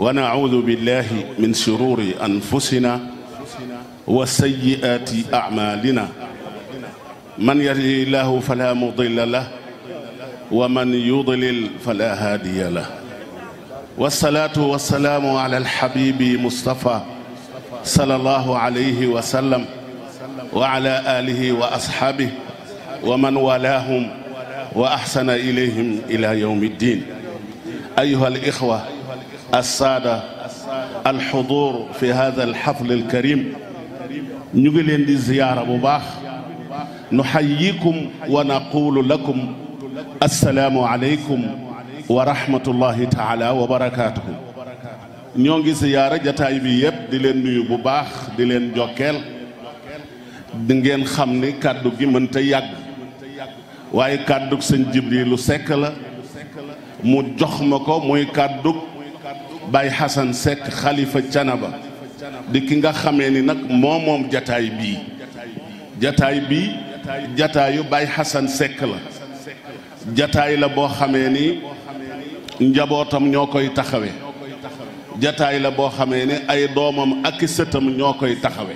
wa naudu billahi min shururi anfusina wa sayyiaati acmaalina man yahdihi llaahu falaa mudilla lah wa man yudlil falaa haadiya lah wasalaatu wasalaamu ala alxabibi Moustapha sallallahu alayhi wa sallam wa ala aalihi wa asxaabihi wa man walaahum wa axsana ilayhim ila yawmi ddiin ayyuha al ixwa السادة الحضور leen هذا الحفل الكريم نيغي لين دي زيارة بو باخ نحييكم ونقول لكم السلام عليكم ورحمة الله تعالى وبركاته ñoo ngi siyaara jataay bi yëpp di leen nuyu bu baax di leen jokkeel di ngeen xam ni kàddu gi mënta yàgg waaye kàddug sëñ Jibrilu Sekk la mu jox ma ko muy kàddug Baye Xasan Seck xalifa Canaba di ki nga xame ni nag moo moom jataay bii jataay bii jataayu bay Xasan Seck la jataay la boo xamee ni njabootam ñoo koy taxawe jataay la boo xamee ni ay doomam ak sëtam ñoo koy taxawe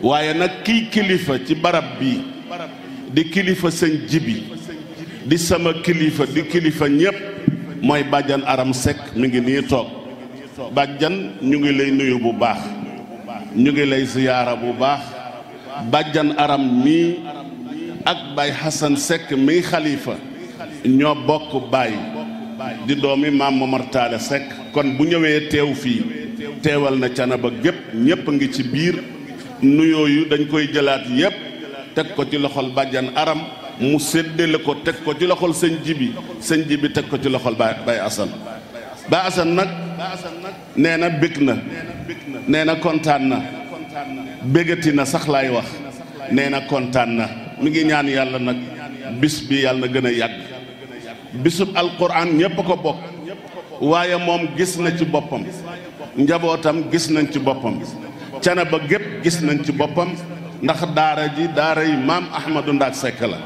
waaye nag kiy kilifa ci barab bii di kilifa sëñ jibi di sama kilifa di kilifa ñépp mooy bàjjan aram Seck mi ngi nii toog bàjjan ñu ngi lay nuyu bu baax ñu ngi lay siyaara bu baax bàjjan aram mii ak baay xasan sekk mii xalifa ñoo bokk bay di doomi maam Momar Taale kon bu ñëwee teew fii teewal na Canaba gépp ñépp ngi ci biir nuyooyu dañ koy jëlaat yépp teg ko ci loxol bàjjan aram mu séddale ko teg ko ci loxol sëñ jibi sëñ jibi teg ko ci loxol bay bay asan bay asan nag nee na bég na nee na kontaan na bégati na sax laay wax nee na kontaan na mi ngi ñaan yàlla nag bis bi yàlla na gën a yàgg bisub alquran ñépp ko bokk waaye moom gis na ci boppam njabootam gis nañ ci boppam cana ba gépp gis nañ ci boppam ndax daara ji daara yi maam ahmadou ndaak sekk la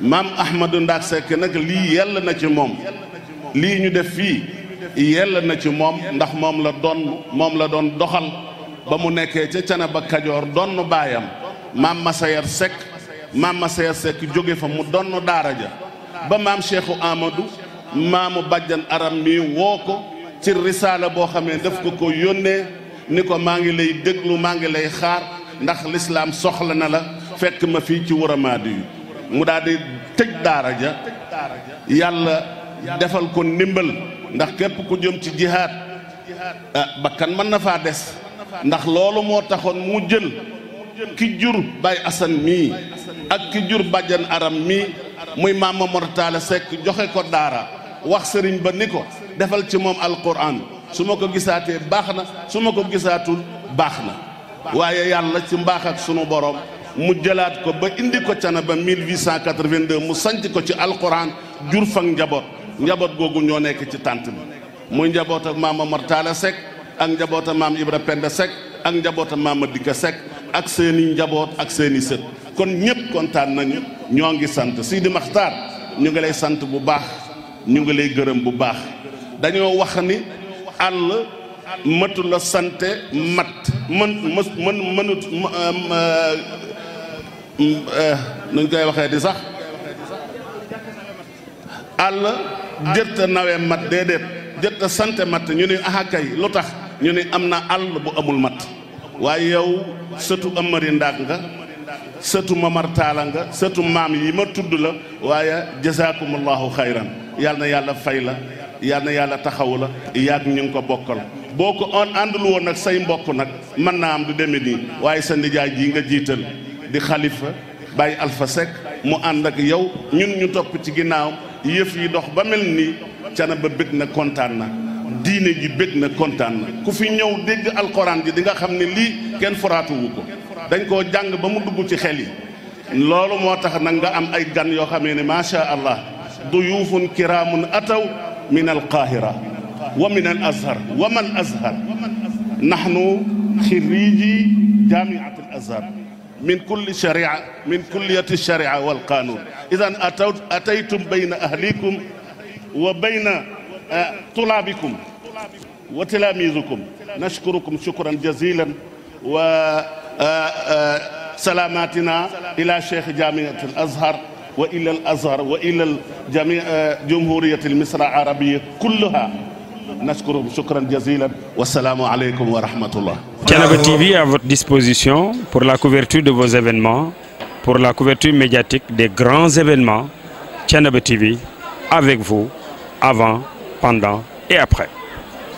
maam ahmadou ndaak sekk nag lii yell na ci moom lii ñu def fii yell na ci moom ndax moom la doon moom la doon doxal ba mu nekkee ca Canaba Kajoor donn baayam maam Massayer Seck maam Massayer Seck jóge fa mu donn daara ja ba maam Cheikhu amadu maamu bàjjan aram mi woo ko ci risaala boo xamee ne daf ko ko yónnee ni ko maa ngi lay déglu maa ngi lay xaar ndax lislaam soxla na la fekk ma fii ci waramaadi yu mu daal di tëj daara ja yàlla defal ko ndimbal ndax képp ku jëm ci jihaad ah bakkan mën na faa des ndax loolu moo taxoon mu jël ki jur Baay Asan mii ak ki jur bàjjan aram mii muy maam ma Mortale sekk joxe ko daara wax sëriñ ba ni ko defal ci moom alquran su ma ko gisaatee baax na su ma ko gisaatul baax na waaye yàlla ci mbaax ak sunu borom mu jëlaat ko ba indi ko na ba 1882 mu sanc ko ci alquran jur fang njaboot njaboot googu ñoo nekk ci tànt bi muy njaboota maam Omar Talla Seck ak njaboota maam Ibra Penda Seck ak njabootam maam Madika Seck ak seeni njaboot ak seeni sët kon ñëpp kontaan nañu ñoo ngi sant Sidi Maxtaar ñu ngi lay sant bu baax ñu ngi lay gërëm bu baax dañoo wax ni àll matu la sante mat mën mën mënut eh, nuñ koy waxee di sax àll jërta nawe mat déedéet jërta sante mat ñu ni ahakay lu tax ñu ni am na àll bu amul mat waaye yow sëtu amari ndaag nga sëtu mamar taala nga sëtu maam yi ma tudd la waaye jazakumullahu xayran yal na yàlla fay la yal na yàlla taxaw la yàgg ñu ko bokkal boo ko on àndul woon nag say mbokk nag mën naa am du demee nii waaye sa nijaay ji nga jiital di xalifa bàyyi alfa sek mu ànd ak yow ñun ñu topp ci ginnaawam yëf yi dox ba mel ni ba bëgg na kontaan na diine gi bëgg na kontaan na ku fi ñëw dégg alxuraan ji di nga xam ne lii kenn foraatuwu ko dañ koo jàng ba mu dugg ci xel yi loolu moo tax nag nga am ay gan yoo xamee ne macha allah duyuufun kiraamun ataw min alqaahira wa min al azhar wa man azhar nahnu xiriiji jaamiat al azhar min kulli sharia min kulliyati sharia wal qaanuun idan ataw ataytum bayna ahlikum wa bayna eh, tulaabikum wa tilaamiizukum nashkurukum shukran jazilan wa eh, eh, salaamaatina ila cheikh jaamiati al azhar wa ila al azhar wa ila jamiici jumhuuriyati al misra al arabiyya kullaha nashkuru shukran jazilan wasalaamu aleykum wa rahmatullah Thiénaba TV à votre disposition pour la couverture de vos événements pour la couverture médiatique des grands événements Thiénaba TV avec vous avant pendant et après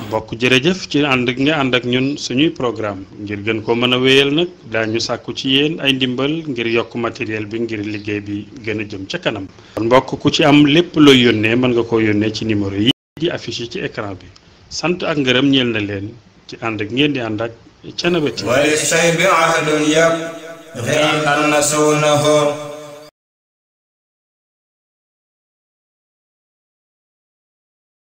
mbokk jërëjëf ci ànd ak nga ànd ak ñun suñuy programme ngir gën koo mën a wéyal nag daañu sàkku ci yéen ay ndimbal ngir yokk matériel bi ngir liggéey bi gën jëm ca kanam kon mbokk ku ci am lépp looy yónnee mën nga ko yónnee ci numéro yi di affiché ci écran bi sant ak ngërëm ñeel na leen ci ànd ak ngeen di ànd ak Thiénaba TV wali say bi ahdun yàpp xëy an nasuunahu